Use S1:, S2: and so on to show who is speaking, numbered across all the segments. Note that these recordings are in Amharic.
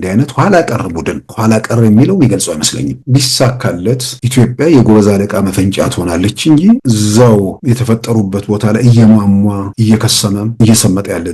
S1: እንዲህ አይነት ኋላ ቀር ቡድን ኋላ ቀር የሚለው የሚገልጹ አይመስለኝም። ቢሳካለት ኢትዮጵያ የጎበዝ አለቃ መፈንጫ ትሆናለች እንጂ እዛው የተፈጠሩበት ቦታ ላይ እየሟሟ እየከሰመ እየሰመጠ ያለ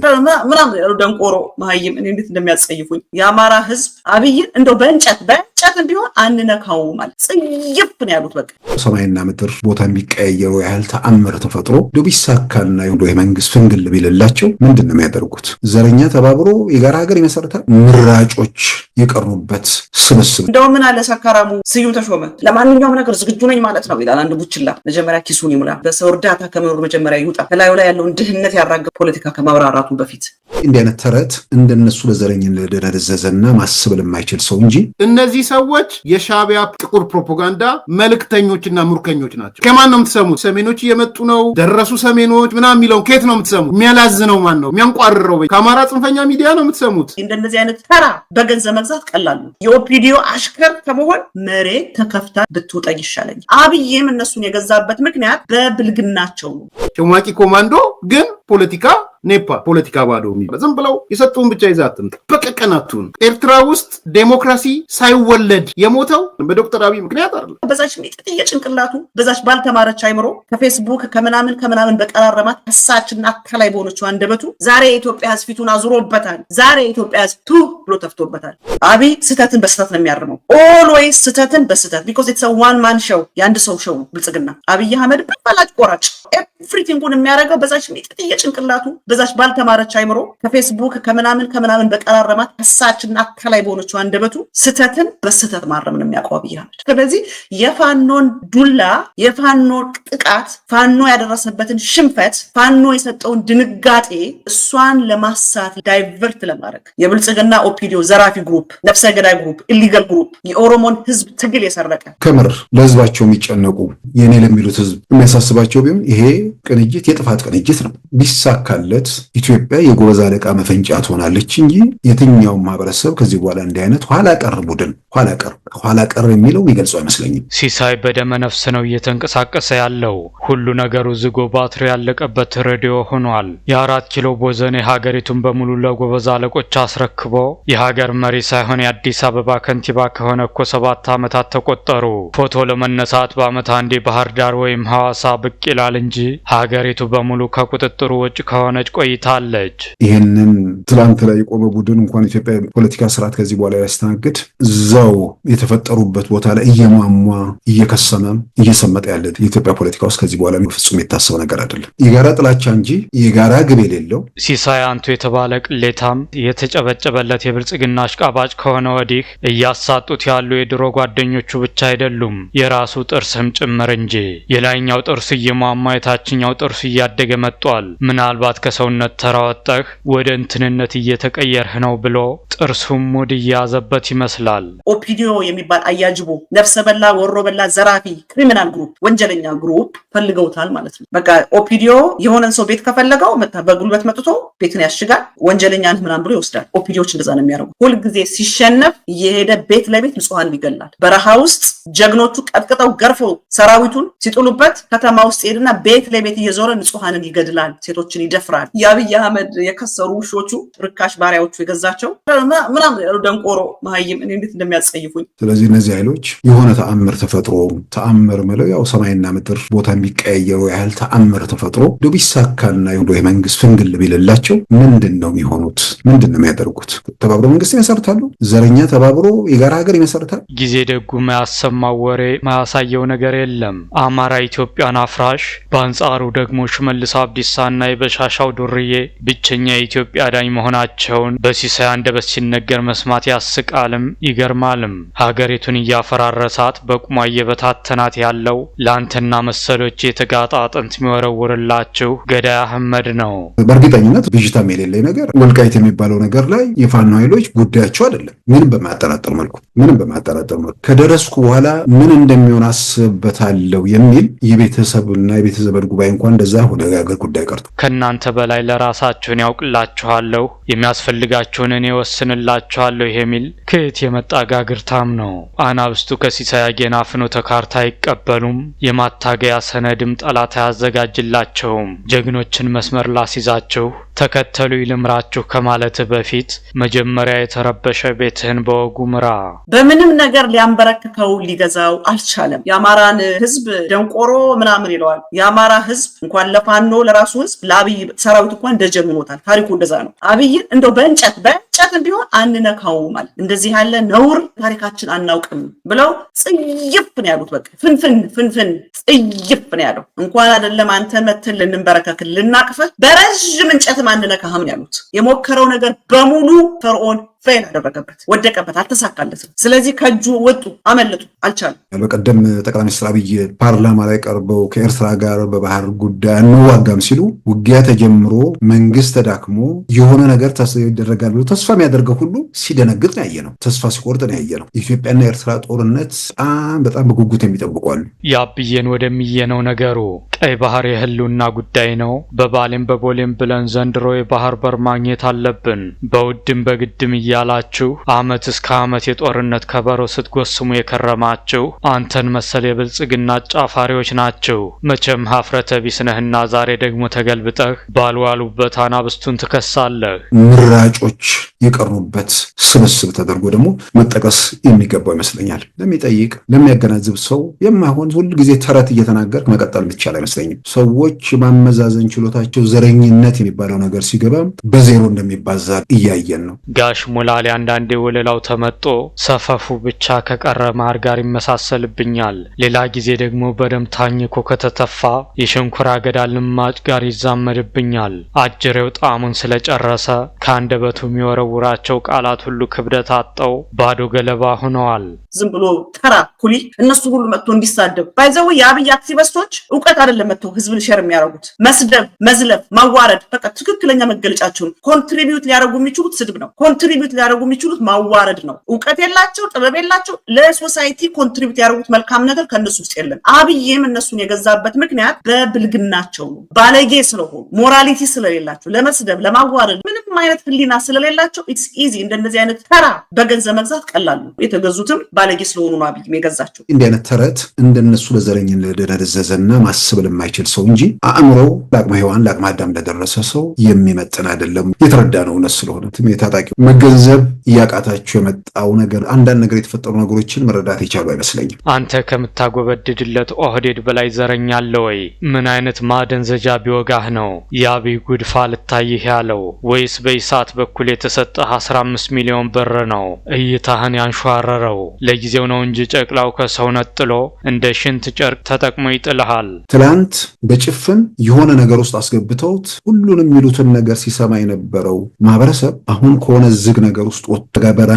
S2: ምናምን ያሉ ደንቆሮ መሀይም እኔ እንዴት እንደሚያጸይፉኝ የአማራ ህዝብ አብይ እንደው በእንጨት በእንጨት ቢሆን አንነካው ማለት ጽይፍ ነው ያሉት። በቃ
S1: ሰማይና ምድር ቦታ የሚቀያየረው ያህል ተአምር ተፈጥሮ እንደ ቢሳካልና ዶ የመንግስት ፍንግል ቢልላቸው ምንድን ነው የሚያደርጉት? ዘረኛ ተባብሮ የጋራ ሀገር የመሰረታ ምራጮች ሰዎች የቀሩበት ስብስብ
S2: እንደው ምን አለ ሰካራሙ ስዩም ተሾመ ለማንኛውም ነገር ዝግጁ ነኝ ማለት ነው ይላል። አንድ ቡችላ መጀመሪያ ኪሱን ይሙላ፣ በሰው እርዳታ ከመኖር መጀመሪያ ይውጣ፣ ከላዩ ላይ ያለውን ድህነት ያራገ ፖለቲካ ከማብራራቱ በፊት
S1: እንዲህ አይነት ተረት እንደነሱ ለዘረኝነት ለደነዘዘና ማስብል የማይችል ሰው እንጂ እነዚህ ሰዎች የሻቢያ ጥቁር ፕሮፓጋንዳ መልክተኞችና ምርኮኞች ናቸው። ከማን ነው የምትሰሙት? ሰሜኖች እየመጡ ነው፣ ደረሱ ሰሜኖች ምናምን የሚለውን ከየት ነው የምትሰሙት? የሚያላዝነው ማን ነው? የሚያንቋርረው ከአማራ ጽንፈኛ ሚዲያ ነው የምትሰሙት።
S2: እንደነዚህ አይነት ተራ በገንዘብ መግዛት ቀላሉ የኦፒዲዮ አሽከር ከመሆን መሬት ተከፍታ ብትውጠኝ ይሻለኛል። አብይም እነሱን የገዛበት ምክንያት በብልግናቸው ነው።
S1: ሸማቂ ኮማንዶ ግን ፖለቲካ ኔፓ ፖለቲካ ባዶ የሚባል ዝም ብለው የሰጡን ብቻ ይዛ አትምጣ። በቀቀናቱን ኤርትራ ውስጥ ዴሞክራሲ ሳይወለድ የሞተው በዶክተር አብይ ምክንያት አለ።
S2: በዛች ሚጥጥዬ ጭንቅላቱ በዛች ባልተማረች አይምሮ ከፌስቡክ ከምናምን ከምናምን በቀራረማት ከሳችና አካላይ በሆነችው አንደበቱ ዛሬ የኢትዮጵያ ሕዝብ ፊቱን አዙሮበታል። ዛሬ የኢትዮጵያ ሕዝብ ቱ ብሎ ተፍቶበታል። አብይ ስህተትን በስህተት ነው የሚያርመው። ኦልዌይስ ስህተትን በስህተት ቢኮዝ የተሰው ዋን ማን ሸው የአንድ ሰው ሸው ብልጽግና አብይ አህመድ በፈላጭ ቆራጭ ኤቭሪቲንጉን የሚያደርገው በዛች ሚጥጥዬ ጭንቅላቱ በዛች ባልተማረች አይምሮ ከፌስቡክ ከምናምን ከምናምን በቀራረማት ከሳችና አካላይ በሆነችው አንደበቱ ስህተትን በስህተት ማረምን የሚያውቀው አብይ አህመድ። ስለዚህ የፋኖን ዱላ የፋኖ ጥቃት ፋኖ ያደረሰበትን ሽንፈት ፋኖ የሰጠውን ድንጋጤ እሷን ለማሳት ዳይቨርት ለማድረግ የብልጽግና ኦፒዲዮ ዘራፊ ግሩፕ፣ ነፍሰ ገዳይ ግሩፕ፣ ኢሊጋል ግሩፕ የኦሮሞን ህዝብ ትግል የሰረቀ
S1: ከምር ለህዝባቸው የሚጨነቁ የኔ ለሚሉት ህዝብ የሚያሳስባቸው ቢሆን ይሄ ቅንጅት የጥፋት ቅንጅት ነው ቢሳካለት ሂደት ኢትዮጵያ የጎበዝ አለቃ መፈንጫ ትሆናለች እንጂ የትኛውም ማህበረሰብ ከዚህ በኋላ እንዲህ አይነት ኋላ ቀር ቡድን ኋላ ቀር ኋላ ቀር የሚለው ይገልጹ አይመስለኝም።
S3: ሲሳይ በደመ ነፍስ ነው እየተንቀሳቀሰ ያለው። ሁሉ ነገሩ ዝጎ ባትሪ ያለቀበት ሬዲዮ ሆኗል። የአራት ኪሎ ቦዘኔ ሀገሪቱን በሙሉ ለጎበዝ አለቆች አስረክቦ የሀገር መሪ ሳይሆን የአዲስ አበባ ከንቲባ ከሆነ እኮ ሰባት ዓመታት ተቆጠሩ። ፎቶ ለመነሳት በዓመት አንዴ ባህር ዳር ወይም ሐዋሳ ብቅ ይላል እንጂ ሀገሪቱ በሙሉ ከቁጥጥሩ ውጭ ከሆነ ስትዘጋጅ ቆይታለች።
S1: ይህንን ትላንት ላይ የቆመ ቡድን እንኳን ኢትዮጵያ ፖለቲካ ስርዓት ከዚህ በኋላ ያስተናግድ እዛው የተፈጠሩበት ቦታ ላይ እየሟሟ እየከሰመ እየሰመጠ ያለ የኢትዮጵያ ፖለቲካ ውስጥ ከዚህ በኋላ ፍጹም የታሰበ ነገር አይደለም። የጋራ ጥላቻ እንጂ የጋራ ግብ የሌለው
S3: ሲሳይ አንቱ የተባለ ቅሌታም የተጨበጨበለት የብልጽግና አሽቃባጭ ከሆነ ወዲህ እያሳጡት ያሉ የድሮ ጓደኞቹ ብቻ አይደሉም፣ የራሱ ጥርስም ጭምር እንጂ የላይኛው ጥርሱ እየሟሟ የታችኛው ጥርሱ እያደገ መጥቷል። ምናልባት ከ ከሰውነት ተራወጠህ ወደ እንትንነት እየተቀየርህ ነው ብሎ ጥርሱም ሙድ እያዘበት ይመስላል።
S2: ኦፒዲዮ የሚባል አያጅቦ ነፍሰ በላ፣ ወሮ በላ፣ ዘራፊ ክሪሚናል ግሩፕ ወንጀለኛ ግሩፕ ፈልገውታል ማለት ነው። በቃ ኦፒዲዮ የሆነን ሰው ቤት ከፈለገው በጉልበት መጥቶ ቤትን ያሽጋል፣ ወንጀለኛን ምናምን ብሎ ይወስዳል። ኦፒዲዎች እንደዛ ነው የሚያደርጉ። ሁልጊዜ ሲሸነፍ እየሄደ ቤት ለቤት ንጹሐን ይገላል። በረሃ ውስጥ ጀግኖቹ ቀጥቅጠው ገርፈው ሰራዊቱን ሲጥሉበት ከተማ ውስጥ ሄድና ቤት ለቤት እየዞረ ንጹሐንን ይገድላል፣ ሴቶችን ይደፍራል። ይሆናል። የአብይ አህመድ የከሰሩ ውሾቹ ርካሽ ባሪያዎቹ የገዛቸው ምናምን ያሉ ደንቆሮ መሀይም እኔ እንዴት እንደሚያጸይፉኝ።
S1: ስለዚህ እነዚህ ኃይሎች የሆነ ተአምር ተፈጥሮ ተአምር ምለው ያው ሰማይና ምድር ቦታ የሚቀያየሩ ያህል ተአምር ተፈጥሮ ዶ ቢሳካና የመንግስት ፍንግል ቢልላቸው ምንድን ነው የሚሆኑት? ምንድን ነው የሚያደርጉት? ተባብሮ መንግስት ይመሰርታሉ። ዘረኛ ተባብሮ የጋራ ሀገር ይመሰርታል።
S3: ጊዜ ደጉ ማያሰማው ወሬ ማያሳየው ነገር የለም። አማራ ኢትዮጵያን አፍራሽ፣ በአንጻሩ ደግሞ ሽመልስ አብዲሳና የበሻሻው ዱርዬ ብቸኛ የኢትዮጵያ አዳኝ መሆናቸውን በሲሳይ አንደበት ሲነገር መስማት ያስቃልም ይገርማልም። ሀገሪቱን እያፈራረሳት በቁማ እየበታተናት ያለው ለአንተና መሰሎች የተጋጣ አጥንት የሚወረውርላችሁ ገዳይ አህመድ ነው።
S1: በእርግጠኝነት ብዥታም የሌለኝ ነገር ወልቃይት የሚባለው ነገር ላይ የፋኖ ኃይሎች ጉዳያቸው አይደለም። ምንም በማያጠራጥር መልኩ ምንም በማያጠራጥር መልኩ ከደረስኩ በኋላ ምን እንደሚሆን አስብበታለሁ የሚል የቤተሰብና የቤተሰብ ጉባኤ እንኳን እንደዛ ሀገር ጉዳይ ቀርቶ
S3: ከእናንተ በላይ ለራሳችሁን ያውቅላችኋለሁ፣ የሚያስፈልጋችሁን እኔ ወስንላችኋለሁ የሚል ከየት የመጣ ጋግርታም ነው? አናብስቱ ከሲሳይ አጌናፍኖተ ካርታ አይቀበሉም፣ የማታገያ ሰነድም ጠላት አያዘጋጅላቸውም። ጀግኖችን መስመር ላስይዛችሁ ተከተሉ ይልምራችሁ ከማለት በፊት መጀመሪያ የተረበሸ ቤትህን በወጉ ምራ።
S2: በምንም ነገር ሊያንበረክከው ሊገዛው አልቻለም። የአማራን ህዝብ ደንቆሮ ምናምን ይለዋል። የአማራ ህዝብ እንኳን ለፋኖ ለራሱ ህዝብ ለአብይ ሰራዊት እኮ እንደ ጀግኖታል። ታሪኩ እንደዛ ነው። አብይን እንደው በእንጨት እንጨትም ቢሆን አንነካውም አለ። እንደዚህ ያለ ነውር ታሪካችን አናውቅም ብለው ጽይፍ ነው ያሉት። በቃ ፍንፍን ፍንፍን ጽይፍ ነው ያለው። እንኳን አይደለም አንተ መተን ልንበረከክል ልናቅፍህ በረዥም እንጨትም አንነካህም ነው ያሉት። የሞከረው ነገር በሙሉ ፈርዖን ፌል አደረገበት፣ ወደቀበት፣ አልተሳካለትም። ስለዚህ ከእጁ ወጡ፣ አመለጡ፣ አልቻለም።
S1: በቀደም ጠቅላይ ሚኒስትር አብይ ፓርላማ ላይ ቀርበው ከኤርትራ ጋር በባህር ጉዳይ አንዋጋም ሲሉ ውጊያ ተጀምሮ መንግስት ተዳክሞ የሆነ ነገር ይደረጋል ብሎ ተስ ተስፋ የሚያደርገው ሁሉ ሲደነግጥ ያየ ነው። ተስፋ ሲቆርጥ ነው ያየ ነው። የኢትዮጵያና የኤርትራ ጦርነት በጣም በጣም በጉጉት የሚጠብቋሉ።
S3: ያብዬን ወደሚየነው ነገሩ ቀይ ባህር የህልውና ጉዳይ ነው። በባሌም በቦሌም ብለን ዘንድሮ የባህር በር ማግኘት አለብን። በውድም በግድም እያላችሁ አመት እስከ አመት የጦርነት ከበሮ ስትጎስሙ የከረማችሁ አንተን መሰል የብልጽግና ጫፋሪዎች ናችሁ። መቼም ሀፍረተ ቢስነህና ዛሬ ደግሞ ተገልብጠህ ባልዋሉበት አናብስቱን ትከሳለህ
S1: ምራጮች የቀሩበት ስብስብ ተደርጎ ደግሞ መጠቀስ የሚገባው ይመስለኛል። ለሚጠይቅ ለሚያገናዝብ ሰው የማይሆን ሁል ጊዜ ተረት እየተናገር መቀጠል የሚቻል አይመስለኝም። ሰዎች ማመዛዘን ችሎታቸው ዘረኝነት የሚባለው ነገር ሲገባ በዜሮ እንደሚባዛ እያየን ነው።
S3: ጋሽ ሙላሌ አንዳንዴ ወለላው ተመጦ ሰፈፉ ብቻ ከቀረ ማር ጋር ይመሳሰልብኛል። ሌላ ጊዜ ደግሞ በደም ታኝኮ ከተተፋ የሸንኮራ አገዳ ልማጭ ጋር ይዛመድብኛል። አጅሬው ጣዕሙን ስለጨረሰ ከአንደበቱ የሚወረው የሚወረውራቸው ቃላት ሁሉ ክብደት አጠው ባዶ ገለባ ሆነዋል።
S2: ዝም ብሎ ተራ ኩሊ እነሱ ሁሉ መጥቶ እንዲሳደብ ባይዘው የአብይ አክቲቪስቶች እውቀት አይደለም መጥተው ህዝብን ሸር የሚያደርጉት መስደብ፣ መዝለፍ፣ ማዋረድ በቃ ትክክለኛ መገለጫቸውን ኮንትሪቢዩት ሊያደርጉ የሚችሉት ስድብ ነው። ኮንትሪቢዩት ሊያደርጉ የሚችሉት ማዋረድ ነው። እውቀት የላቸው፣ ጥበብ የላቸው። ለሶሳይቲ ኮንትሪቢዩት ያደርጉት መልካም ነገር ከእነሱ ውስጥ የለም። አብይም እነሱን የገዛበት ምክንያት በብልግናቸው ነው። ባለጌ ስለሆኑ ሞራሊቲ ስለሌላቸው ለመስደብ ለማዋረድ ምንም አይነት ህሊና ስለሌላቸው ስለሌላቸው ኢትስ ኢዚ እንደነዚህ አይነት ተራ በገንዘብ መግዛት ቀላሉ የተገዙትም ባለጌ ስለሆኑ ነው አብይም የገዛቸው።
S1: እንዲህ አይነት ተረት እንደነሱ በዘረኝነት ለደረዘዘና ማስብ ለማይችል ሰው እንጂ አእምሮ ለአቅመ ሔዋን ለአቅመ አዳም ለደረሰ ሰው የሚመጥን አይደለም። የተረዳ ነው እውነት ስለሆነ የታጣቂ መገንዘብ እያቃታቸው የመጣው ነገር አንዳንድ ነገር የተፈጠሩ ነገሮችን መረዳት የቻሉ አይመስለኝም።
S3: አንተ ከምታጎበድድለት ኦህዴድ በላይ ዘረኛ አለ ወይ? ምን አይነት ማደንዘጃ ቢወጋህ ነው የአብይ ጉድፋ ልታይህ ያለው? ወይስ በኢሳት በኩል የተሰ የተሰጠህ 15 ሚሊዮን ብር ነው እይታህን ያንሸዋረረው። ለጊዜው ነው እንጂ ጨቅላው ከሰው ነጥሎ እንደ ሽንት ጨርቅ ተጠቅሞ ይጥልሃል።
S1: ትላንት በጭፍን የሆነ ነገር ውስጥ አስገብተውት ሁሉንም የሚሉትን ነገር ሲሰማ የነበረው ማህበረሰብ አሁን ከሆነ ዝግ ነገር ውስጥ ወጥቶ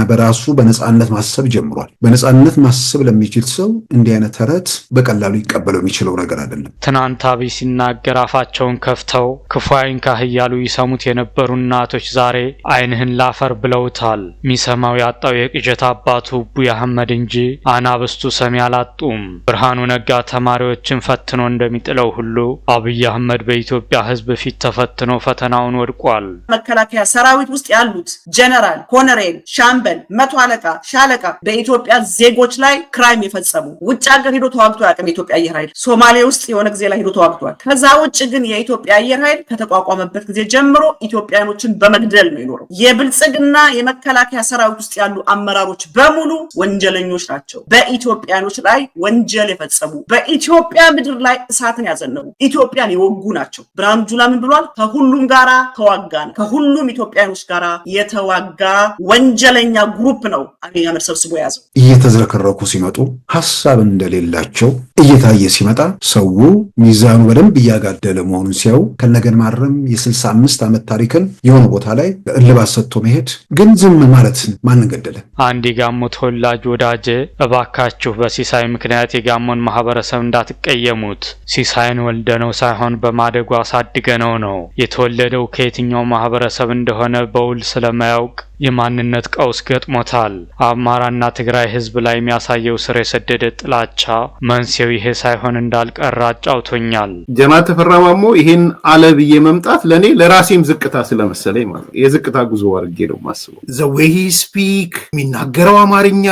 S1: በራሱ በነፃነት ማሰብ ጀምሯል። በነፃነት ማሰብ ለሚችል ሰው እንዲህ አይነት ተረት በቀላሉ ይቀበለው የሚችለው ነገር አይደለም።
S3: ትናንት አብይ ሲናገር አፋቸውን ከፍተው ክፉ አይንካህ እያሉ ይሰሙት የነበሩ እናቶች ዛሬ አይንህን ላፈር ብለውታል። ሚሰማው ያጣው የቅጀት አባቱ ቡያ አህመድ እንጂ አናብስቱ ሰሚ አላጡም። ብርሃኑ ነጋ ተማሪዎችን ፈትኖ እንደሚጥለው ሁሉ አብይ አህመድ በኢትዮጵያ ሕዝብ ፊት ተፈትኖ ፈተናውን ወድቋል።
S2: መከላከያ ሰራዊት ውስጥ ያሉት ጀነራል፣ ኮነሬል፣ ሻምበል፣ መቶ አለቃ፣ ሻለቃ በኢትዮጵያ ዜጎች ላይ ክራይም የፈጸሙ ውጭ ሀገር ሂዶ ተዋግቶ ያቅም የኢትዮጵያ አየር ኃይል ሶማሌ ውስጥ የሆነ ጊዜ ላይ ሂዶ ተዋግቷል። ከዛ ውጭ ግን የኢትዮጵያ አየር ኃይል ከተቋቋመበት ጊዜ ጀምሮ ኢትዮጵያኖችን በመግደል ነው የኖረው። በብልጽግና የመከላከያ ሰራዊት ውስጥ ያሉ አመራሮች በሙሉ ወንጀለኞች ናቸው። በኢትዮጵያኖች ላይ ወንጀል የፈጸሙ በኢትዮጵያ ምድር ላይ እሳትን ያዘነቡ ኢትዮጵያን የወጉ ናቸው። ብርሃኑ ጁላ ምን ብሏል? ከሁሉም ጋራ ተዋጋን። ከሁሉም ኢትዮጵያኖች ጋራ የተዋጋ ወንጀለኛ ግሩፕ ነው አብይ አህመድ ሰብስቦ የያዘው።
S1: እየተዝረከረኩ ሲመጡ ሀሳብ እንደሌላቸው እየታየ ሲመጣ ሰው ሚዛኑ በደንብ እያጋደለ መሆኑን ሲያዩ ከነገን ማረም የስልሳ አምስት ዓመት ታሪክን የሆነ ቦታ ላይ እልባት ሰጥቶ መሄድ ግን ዝም ማለትን ማንን ገደለ?
S3: አንድ የጋሞ ተወላጅ ወዳጅ እባካችሁ በሲሳይ ምክንያት የጋሞን ማህበረሰብ እንዳትቀየሙት፣ ሲሳይን ወልደነው ሳይሆን በማደጉ አሳድገነው ነው። የተወለደው ከየትኛው ማህበረሰብ እንደሆነ በውል ስለማያውቅ የማንነት ቀውስ ገጥሞታል። አማራና ትግራይ ህዝብ ላይ የሚያሳየው ስር የሰደደ ጥላቻ መንስኤው ይሄ ሳይሆን እንዳልቀረ አጫውቶኛል።
S1: ጀማል ተፈራ ማሞ ይሄን አለ ብዬ መምጣት ለእኔ ለራሴም ዝቅታ ስለመሰለኝ ማለት የዝቅታ ጉዞ አድርጌ ነው የማስበው። ዘዌሂ ስፒክ የሚናገረው አማርኛ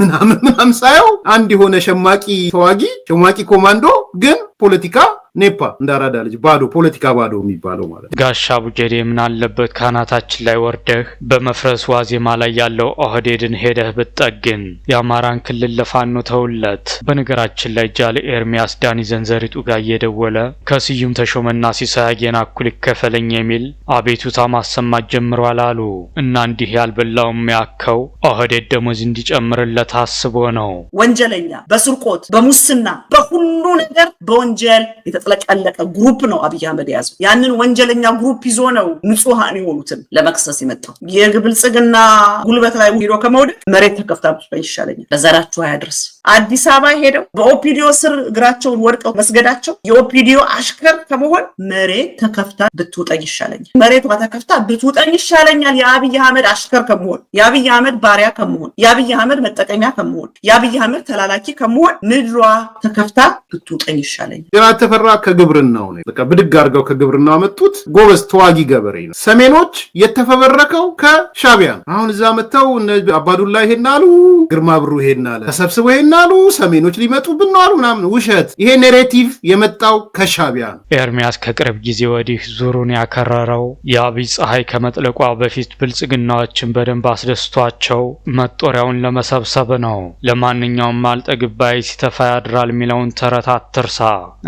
S1: ምናምን ምናምን ሳየው አንድ የሆነ ሸማቂ ተዋጊ ሸማቂ ኮማንዶ ግን ፖለቲካ ኔፓ እንዳራዳ ልጅ ባዶ ፖለቲካ ባዶ የሚባለው
S3: ማለት ጋሻ ቡጀዴ ምን አለበት ካናታችን ላይ ወርደህ በመፍረስ ዋዜማ ላይ ያለው ኦህዴድን ሄደህ ብትጠግን የአማራን ክልል ለፋኖ ተውለት። በነገራችን ላይ ጃል ኤርሚያስ ዳኒ ዘንዘሪጡ ጋር እየደወለ ከስዩም ተሾመና ሲሳይ አጌና እኩል ይከፈለኝ የሚል አቤቱታ ማሰማት ጀምሯል አሉ እና እንዲህ ያልበላው የሚያከው ኦህዴድ ደሞዝ እንዲጨምርለት አስቦ ነው።
S2: ወንጀለኛ በስርቆት በሙስና በሁሉ ነገር በወንጀል የተጥለቀለቀ ግሩፕ ነው አብይ አህመድ የያዘው። ያንን ወንጀለኛ ግሩፕ ይዞ ነው ንጹሐን የሆኑትን ለመክሰስ የመጣው። የብልጽግና ጉልበት ላይ ሄዶ ከመውደቅ መሬት ተከፍታ ብትበኝ ይሻለኛል። ለዘራችሁ አያድርስ። አዲስ አበባ ሄደው በኦፒዲዮ ስር እግራቸውን ወድቀው መስገዳቸው የኦፒዲዮ አሽከር ከመሆን መሬት ተከፍታ ብትውጠኝ ይሻለኛል። መሬቷ ተከፍታ ብትውጠኝ ይሻለኛል የአብይ አህመድ አሽከር ከመሆን፣ የአብይ አህመድ ባሪያ ከመሆን፣ የአብይ አህመድ መጠቀሚያ ከመሆን፣ የአብይ አህመድ ተላላኪ ከመሆን ምድሯ ተከፍታ ብትውጠኝ ይሻለኛል።
S1: ሌላ ተፈራ ከግብርናው ነው። በቃ ብድግ አድርገው ከግብርናው መጡት። ጎበዝ ተዋጊ ገበሬ ነው። ሰሜኖች የተፈበረከው ከሻቢያ ነው። አሁን እዛ መጥተው አባዱላ ይሄን አሉ፣ ግርማ ብሩ ይሄን አለ፣ ተሰብስቦ ይሄን አሉ፣ ሰሜኖች ሊመጡብን ነው አሉ ምናምን። ውሸት። ይሄ ኔሬቲቭ የመጣው ከሻቢያ
S3: ነው። ኤርሚያስ ከቅርብ ጊዜ ወዲህ ዙሩን ያከረረው የአብይ ፀሐይ ከመጥለቋ በፊት ብልጽግናዎችን በደንብ አስደስቷቸው መጦሪያውን ለመሰብሰብ ነው። ለማንኛውም አልጠግባይ ሲተፋ ያድራል የሚለውን ተረት አትርሳ።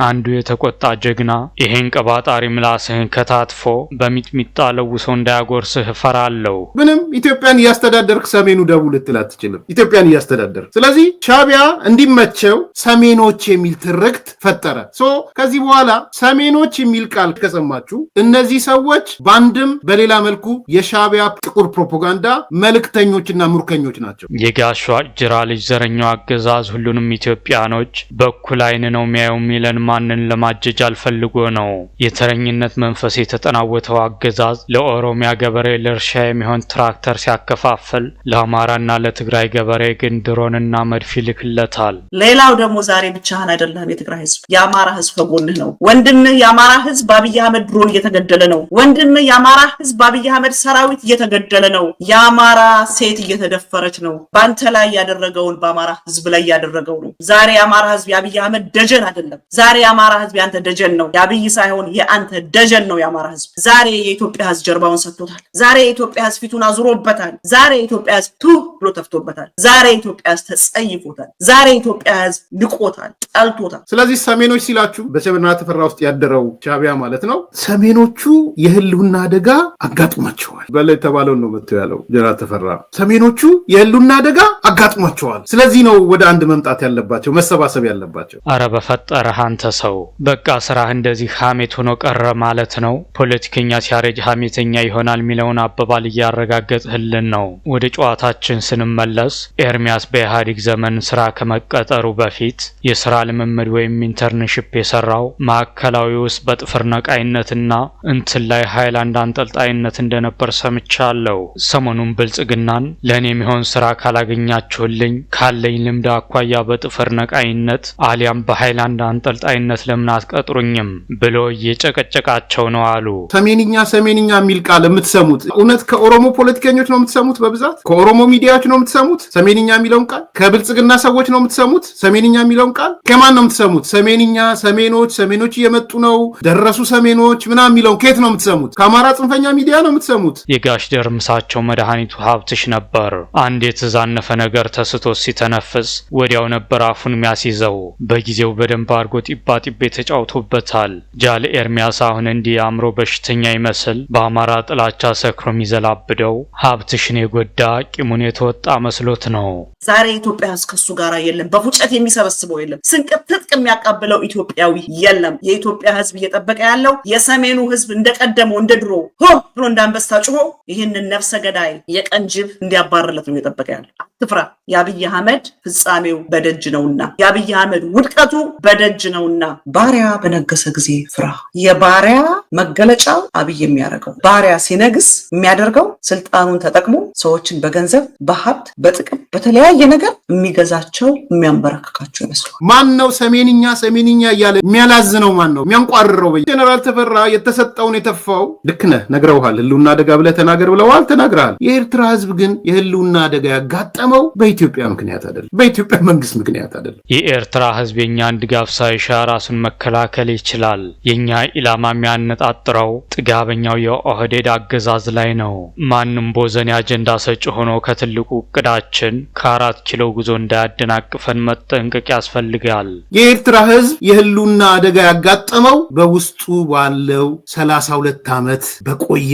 S3: አንዱ የተ የተቆጣ ጀግና ይሄን ቀባጣሪ ምላስህን ከታትፎ በሚጥሚጣ ለውሶ እንዳያጎርስህ እፈራለሁ።
S1: ምንም ኢትዮጵያን እያስተዳደርክ ሰሜኑ ደቡብ ልትል አትችልም። ኢትዮጵያን እያስተዳደርክ ስለዚህ ሻቢያ እንዲመቸው ሰሜኖች የሚል ትርክት ፈጠረ። ሶ ከዚህ በኋላ ሰሜኖች የሚል ቃል ከሰማችሁ እነዚህ ሰዎች በአንድም በሌላ መልኩ የሻቢያ ጥቁር ፕሮፓጋንዳ መልእክተኞችና ሙርከኞች
S3: ናቸው። የጋሿ ጅራ ልጅ ዘረኛው አገዛዝ ሁሉንም ኢትዮጵያኖች በኩል አይን ነው የሚያየው የሚለን ማንን ለማ ማጀጅ አልፈልጎ ነው። የተረኝነት መንፈስ የተጠናወተው አገዛዝ ለኦሮሚያ ገበሬ ለእርሻ የሚሆን ትራክተር ሲያከፋፍል፣ ለአማራና ለትግራይ ገበሬ ግን ድሮንና መድፍ ይልክለታል።
S2: ሌላው ደግሞ ዛሬ ብቻህን አይደለም። የትግራይ ህዝብ፣ የአማራ ህዝብ ከጎንህ ነው። ወንድምህ የአማራ ህዝብ በአብይ አህመድ ድሮን እየተገደለ ነው። ወንድምህ የአማራ ህዝብ በአብይ አህመድ ሰራዊት እየተገደለ ነው። የአማራ ሴት እየተደፈረች ነው። በአንተ ላይ ያደረገውን በአማራ ህዝብ ላይ ያደረገው ነው። ዛሬ የአማራ ህዝብ የአብይ አህመድ ደጀን አይደለም። ዛሬ የአማራ ህዝብ ህዝብ የአንተ ደጀን ነው፣ የአብይ ሳይሆን የአንተ ደጀን ነው የአማራ ህዝብ። ዛሬ የኢትዮጵያ ህዝብ ጀርባውን ሰጥቶታል። ዛሬ የኢትዮጵያ ህዝብ ፊቱን አዙሮበታል። ዛሬ የኢትዮጵያ ህዝብ ቱ ብሎ ተፍቶበታል። ዛሬ የኢትዮጵያ ህዝብ ተጸይፎታል። ዛሬ የኢትዮጵያ ህዝብ ንቆታል፣ ጠልቶታል።
S1: ስለዚህ ሰሜኖች ሲላችሁ በሰብና ተፈራ ውስጥ ያደረው ቻቢያ ማለት ነው። ሰሜኖቹ የህልውና አደጋ አጋጥሟቸዋል። በላይ የተባለውን ነው መጥቶ ያለው ጀነራል ተፈራ። ሰሜኖቹ የህልውና አደጋ አጋጥሟቸዋል። ስለዚህ ነው ወደ አንድ መምጣት ያለባቸው መሰባሰብ ያለባቸው።
S3: አረ በፈጠረህ አንተ ሰው በቃ ስራህ እንደዚህ ሀሜት ሆኖ ቀረ ማለት ነው። ፖለቲከኛ ሲያረጅ ሀሜተኛ ይሆናል የሚለውን አባባል እያረጋገጥህልን ነው። ወደ ጨዋታችን ስንመለስ ኤርሚያስ በኢህአዴግ ዘመን ስራ ከመቀጠሩ በፊት የስራ ልምምድ ወይም ኢንተርንሽፕ የሰራው ማዕከላዊ ውስጥ በጥፍር ነቃይነትና እንትን ላይ ሀይላንድ አንጠልጣይነት እንደነበር ሰምቻለሁ። ሰሞኑን ብልጽግናን ለእኔ የሚሆን ስራ ካላገኛችሁልኝ ካለኝ ልምድ አኳያ በጥፍር ነቃይነት አሊያም በሀይላንድ አንጠልጣይነት ለ አናስቀጥሩኝም ብሎ እየጨቀጨቃቸው ነው አሉ።
S1: ሰሜንኛ ሰሜንኛ የሚል ቃል የምትሰሙት እውነት ከኦሮሞ ፖለቲከኞች ነው የምትሰሙት፣ በብዛት ከኦሮሞ ሚዲያዎች ነው የምትሰሙት። ሰሜንኛ የሚለውን ቃል ከብልጽግና ሰዎች ነው የምትሰሙት። ሰሜንኛ የሚለውን ቃል ከማን ነው የምትሰሙት? ሰሜንኛ ሰሜኖች፣ ሰሜኖች እየመጡ ነው፣ ደረሱ ሰሜኖች ምና የሚለውን ከየት ነው የምትሰሙት? ከአማራ ጽንፈኛ ሚዲያ ነው የምትሰሙት።
S3: የጋሽ ደርምሳቸው መድኃኒቱ ሀብትሽ ነበር። አንድ የተዛነፈ ነገር ተስቶ ሲተነፍስ ወዲያው ነበር አፉን የሚያስይዘው። በጊዜው በደንብ አድርጎ ጢባ ጢቤ ተጫውቶበታል። ጃል ኤርሚያስ አሁን እንዲህ አእምሮ በሽተኛ ይመስል በአማራ ጥላቻ ሰክሮ የሚዘላብደው ሀብትሽን የጎዳ ቂሙን የተወጣ መስሎት ነው።
S2: ዛሬ ኢትዮጵያ ከሱ ጋር የለም፣ በፉጨት የሚሰበስበው የለም፣ ስንቅት ትጥቅ የሚያቃብለው ኢትዮጵያዊ የለም። የኢትዮጵያ ህዝብ እየጠበቀ ያለው የሰሜኑ ህዝብ እንደቀደመው እንደ ድሮ ሆ ብሎ እንዳንበስታ ጩሆ ይህንን ነፍሰ ገዳይ የቀን ጅብ እንዲያባርለት ነው እየጠበቀ ያለ። አትፍራ፣ የአብይ አህመድ ፍጻሜው በደጅ ነውና፣ የአብይ አህመድ ውድቀቱ በደጅ ነውና ባሪያ በነገሰ ጊዜ ፍራ። የባሪያ መገለጫ አብይ የሚያደርገው ባሪያ ሲነግስ የሚያደርገው ስልጣኑን ተጠቅሞ ሰዎችን በገንዘብ በሀብት በጥቅም በተለያየ ነገር የሚገዛቸው የሚያንበረክካቸው ይመስላል።
S1: ማን ነው ሰሜንኛ ሰሜንኛ እያለ የሚያላዝነው? ማን ነው የሚያንቋርረው? ጀነራል ተፈራ የተሰጠውን የተፋው ልክ ነህ ነግረውሃል። ህልውና አደጋ ብለህ ተናገር ብለዋል፣ ተናግረሃል። የኤርትራ ህዝብ ግን የህልውና አደጋ ያጋጠመው በኢትዮጵያ ምክንያት አይደለም፣ በኢትዮጵያ መንግስት ምክንያት አይደለም።
S3: የኤርትራ ህዝብ የእኛን ድጋፍ ሳይሻ ራሱን መከላከል ይችላል። የእኛ ኢላማ የሚያነጣጥረው ጥጋበኛው የኦህዴድ አገዛዝ ላይ ነው። ማንም ቦዘን አጀንዳ ሰጪ ሆኖ ከትልቁ እቅዳችን ከአራት ኪሎ ጉዞ እንዳያደናቅፈን መጠንቀቅ ያስፈልጋል።
S1: የኤርትራ ህዝብ የህልውና አደጋ ያጋጠመው በውስጡ ባለው 32 ዓመት በቆየ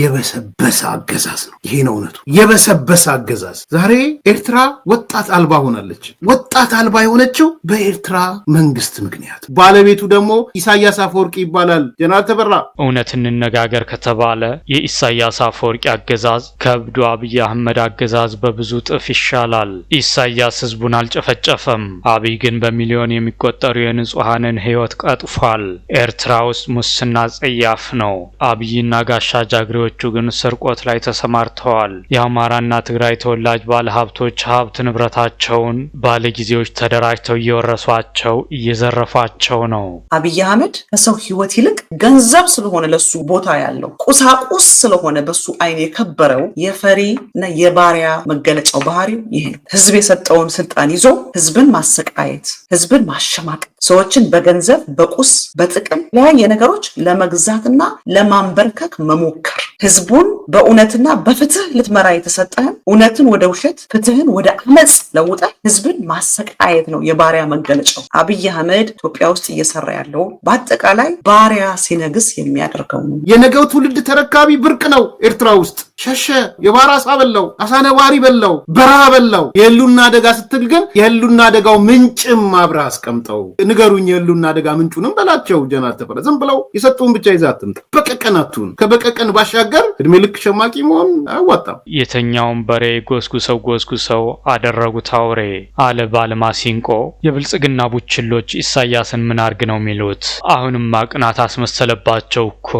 S1: የበሰበሰ አገዛዝ ነው። ይሄ ነው እውነቱ። የበሰበሰ አገዛዝ። ዛሬ ኤርትራ ወጣት አልባ ሆናለች። ወጣት አልባ የሆነችው በኤርትራ መንግስት ምክንያት ባለ ባለቤቱ ደግሞ ኢሳያስ አፈወርቅ ይባላል። ጀነራል ተበራ
S3: እውነት እንነጋገር ከተባለ የኢሳያስ አፈወርቅ አገዛዝ ከእብዱ አብይ አህመድ አገዛዝ በብዙ ጥፍ ይሻላል። ኢሳያስ ህዝቡን አልጨፈጨፈም። አብይ ግን በሚሊዮን የሚቆጠሩ የንጹሐንን ህይወት ቀጥፏል። ኤርትራ ውስጥ ሙስና ጸያፍ ነው። አብይና ጋሻ ጃግሬዎቹ ግን ስርቆት ላይ ተሰማርተዋል። የአማራና ትግራይ ተወላጅ ባለሀብቶች ሀብት ንብረታቸውን ባለጊዜዎች ተደራጅተው እየወረሷቸው እየዘረፏቸው ነው። ነው።
S2: አብይ አህመድ ከሰው ህይወት ይልቅ ገንዘብ ስለሆነ ለሱ ቦታ ያለው ቁሳቁስ ስለሆነ በሱ አይን የከበረው የፈሪ እና የባሪያ መገለጫው ባህሪው ይሄ ነው። ህዝብ የሰጠውን ስልጣን ይዞ ህዝብን ማሰቃየት፣ ህዝብን ማሸማቀ ሰዎችን በገንዘብ በቁስ በጥቅም ለያየ ነገሮች ለመግዛትና ለማንበርከክ መሞከር ህዝቡን በእውነትና በፍትህ ልትመራ የተሰጠህን እውነትን ወደ ውሸት ፍትህን ወደ አመፅ ለውጠ ህዝብን ማሰቃየት ነው የባሪያ መገለጫው። አብይ አህመድ ኢትዮጵያ ውስጥ እየሰራ ያለው በአጠቃላይ ባሪያ ሲነግስ የሚያደርገው ነው።
S1: የነገው ትውልድ ተረካቢ ብርቅ ነው። ኤርትራ ውስጥ ሸሸ፣ የባህር አሳ በላው፣ አሳነባሪ በላው፣ በረሃ በላው። የህሉና አደጋ ስትል ግን የህሉና አደጋው ምንጭም አብረህ አስቀምጠው። ንገሩኝ የህሉና አደጋ ምንጩንም በላቸው። ጀናል ተፈራ ዝም ብለው የሰጡን ብቻ ይዛትም በቀቀናቱን ከበቀቀን ባሻ ባሻገር እድሜ ልክ ሸማቂ መሆን አያዋጣም።
S3: የተኛውን በሬ ጎስጉሰው ጎስጉሰው አደረጉት አውሬ አለ ባለማሲንቆ። የብልጽግና ቡችሎች ኢሳያስን ምን አርግ ነው የሚሉት? አሁንም ማቅናት አስመሰለባቸው እኮ።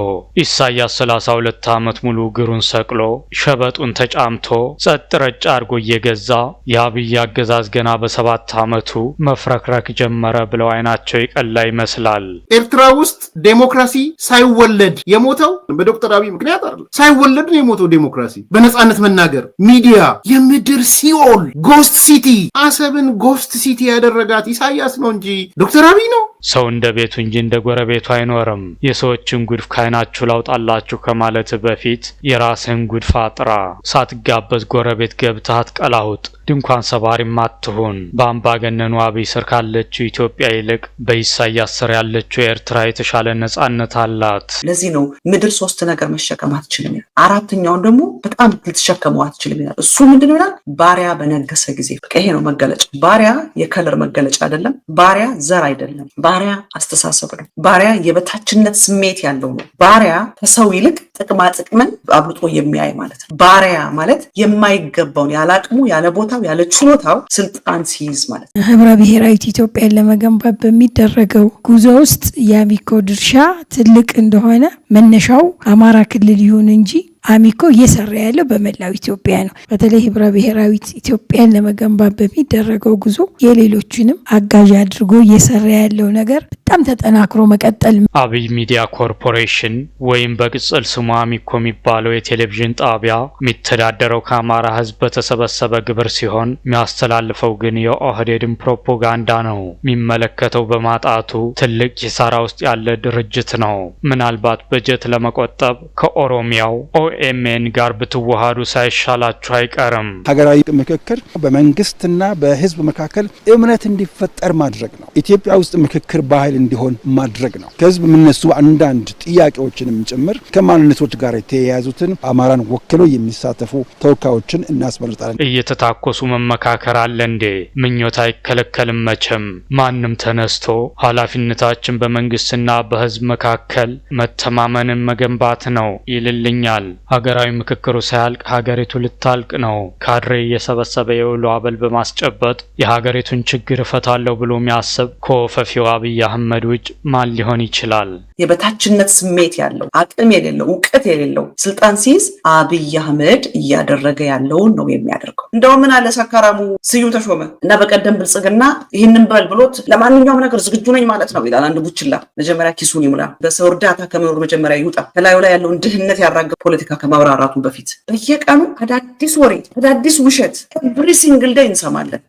S3: ኢሳያስ ሰላሳ ሁለት ዓመት ሙሉ እግሩን ሰቅሎ ሸበጡን ተጫምቶ ጸጥ ረጭ አድርጎ እየገዛ የአብይ አገዛዝ ገና በሰባት ዓመቱ መፍረክረክ ጀመረ ብለው አይናቸው ይቀላ ይመስላል።
S1: ኤርትራ ውስጥ ዴሞክራሲ ሳይወለድ የሞተው በዶክተር አብይ ምክንያት አይደለም። ሳይወለድ ነው የሞተው ዴሞክራሲ፣ በነፃነት መናገር፣ ሚዲያ፣ የምድር ሲኦል፣ ጎስት ሲቲ፣ አሰብን ጎስት ሲቲ ያደረጋት ኢሳያስ ነው እንጂ ዶክተር አብይ ነው
S3: ሰው እንደ ቤቱ እንጂ እንደ ጎረቤቱ አይኖርም። የሰዎችን ጉድፍ ካይናችሁ ላውጣላችሁ ከማለት በፊት የራስህን ጉድፍ አጥራ። ሳትጋበዝ ጎረቤት ገብተህ አትቀላውጥ። ድንኳን ሰባሪም አትሁን። በአምባገነኑ አብይ ስር ካለችው ኢትዮጵያ ይልቅ በኢሳያስ ስር ያለችው ኤርትራ የተሻለ ነጻነት አላት።
S2: ለዚህ ነው ምድር ሶስት ነገር መሸከም አትችልም አራተኛውን ደግሞ በጣም ልትሸከመው አትችልም ይላል። እሱ ምንድን ይላል? ባሪያ በነገሰ ጊዜ። ይሄ ነው መገለጫ። ባሪያ የከለር መገለጫ አይደለም። ባሪያ ዘር አይደለም። ባሪያ አስተሳሰብ ነው። ባሪያ የበታችነት ስሜት ያለው ነው። ባሪያ ከሰው ይልቅ ጥቅማ ጥቅምን አብልጦ የሚያይ ማለት ነው። ባሪያ ማለት የማይገባውን ያለ አቅሙ፣ ያለ ቦታው፣ ያለ ችሎታው ስልጣን ሲይዝ ማለት
S4: ነው። ህብረ ብሔራዊት ኢትዮጵያን ለመገንባት በሚደረገው ጉዞ ውስጥ የአሚኮ ድርሻ ትልቅ እንደሆነ መነሻው አማራ ክልል ይሁን እንጂ አሚኮ እየሰራ ያለው በመላው ኢትዮጵያ ነው። በተለይ ህብረ ብሔራዊት ኢትዮጵያን ለመገንባት በሚደረገው ጉዞ የሌሎችንም አጋዥ አድርጎ እየሰራ ያለው ነገር በጣም ተጠናክሮ መቀጠል።
S3: አብይ ሚዲያ ኮርፖሬሽን ወይም በቅጽል ስሙ አሚኮ የሚባለው የቴሌቪዥን ጣቢያ የሚተዳደረው ከአማራ ህዝብ በተሰበሰበ ግብር ሲሆን የሚያስተላልፈው ግን የኦህዴድን ፕሮፓጋንዳ ነው። የሚመለከተው በማጣቱ ትልቅ ኪሳራ ውስጥ ያለ ድርጅት ነው። ምናልባት በጀት ለመቆጠብ ከኦሮሚያው ኦኤምኤን ጋር ብትዋሃዱ ሳይሻላችሁ አይቀርም።
S1: ሀገራዊ ምክክር በመንግስትና በህዝብ መካከል እምነት እንዲፈጠር ማድረግ ነው። ኢትዮጵያ ውስጥ ምክክር ባህል እንዲሆን ማድረግ ነው። ከህዝብ የሚነሱ አንዳንድ ጥያቄዎችንም ጭምር ከማንነቶች ጋር የተያያዙትን አማራን ወክሎ የሚሳተፉ ተወካዮችን እናስመርጣለን።
S3: እየተታኮሱ መመካከር አለ እንዴ? ምኞት አይከለከልም መቼም። ማንም ተነስቶ ኃላፊነታችን በመንግስትና በህዝብ መካከል መተማመንን መገንባት ነው ይልልኛል። ሀገራዊ ምክክሩ ሳያልቅ ሀገሪቱ ልታልቅ ነው። ካድሬ እየሰበሰበ የውሎ አበል በማስጨበጥ የሀገሪቱን ችግር እፈታለሁ ብሎ የሚያስብ ከወፈፊው አብይ አህመድ ከመለማመድ ማን ሊሆን ይችላል?
S2: የበታችነት ስሜት ያለው አቅም የሌለው እውቀት የሌለው ስልጣን ሲይዝ አብይ አህመድ እያደረገ ያለውን ነው የሚያደርገው። እንደውም ምን አለ ሰካራሙ ስዩም ተሾመ እና በቀደም ብልጽግና ይህንን በል ብሎት ለማንኛውም ነገር ዝግጁ ነኝ ማለት ነው ይላል። አንድ ቡችላ መጀመሪያ ኪሱን ይሙላ፣ በሰው እርዳታ ከመኖር መጀመሪያ ይውጣ፣ ከላዩ ላይ ያለውን ድህነት ያራገ ፖለቲካ ከማብራራቱ በፊት በየቀኑ አዳዲስ ወሬ፣ አዳዲስ ውሸት ኤቭሪ ሲንግል ዴይ እንሰማለን።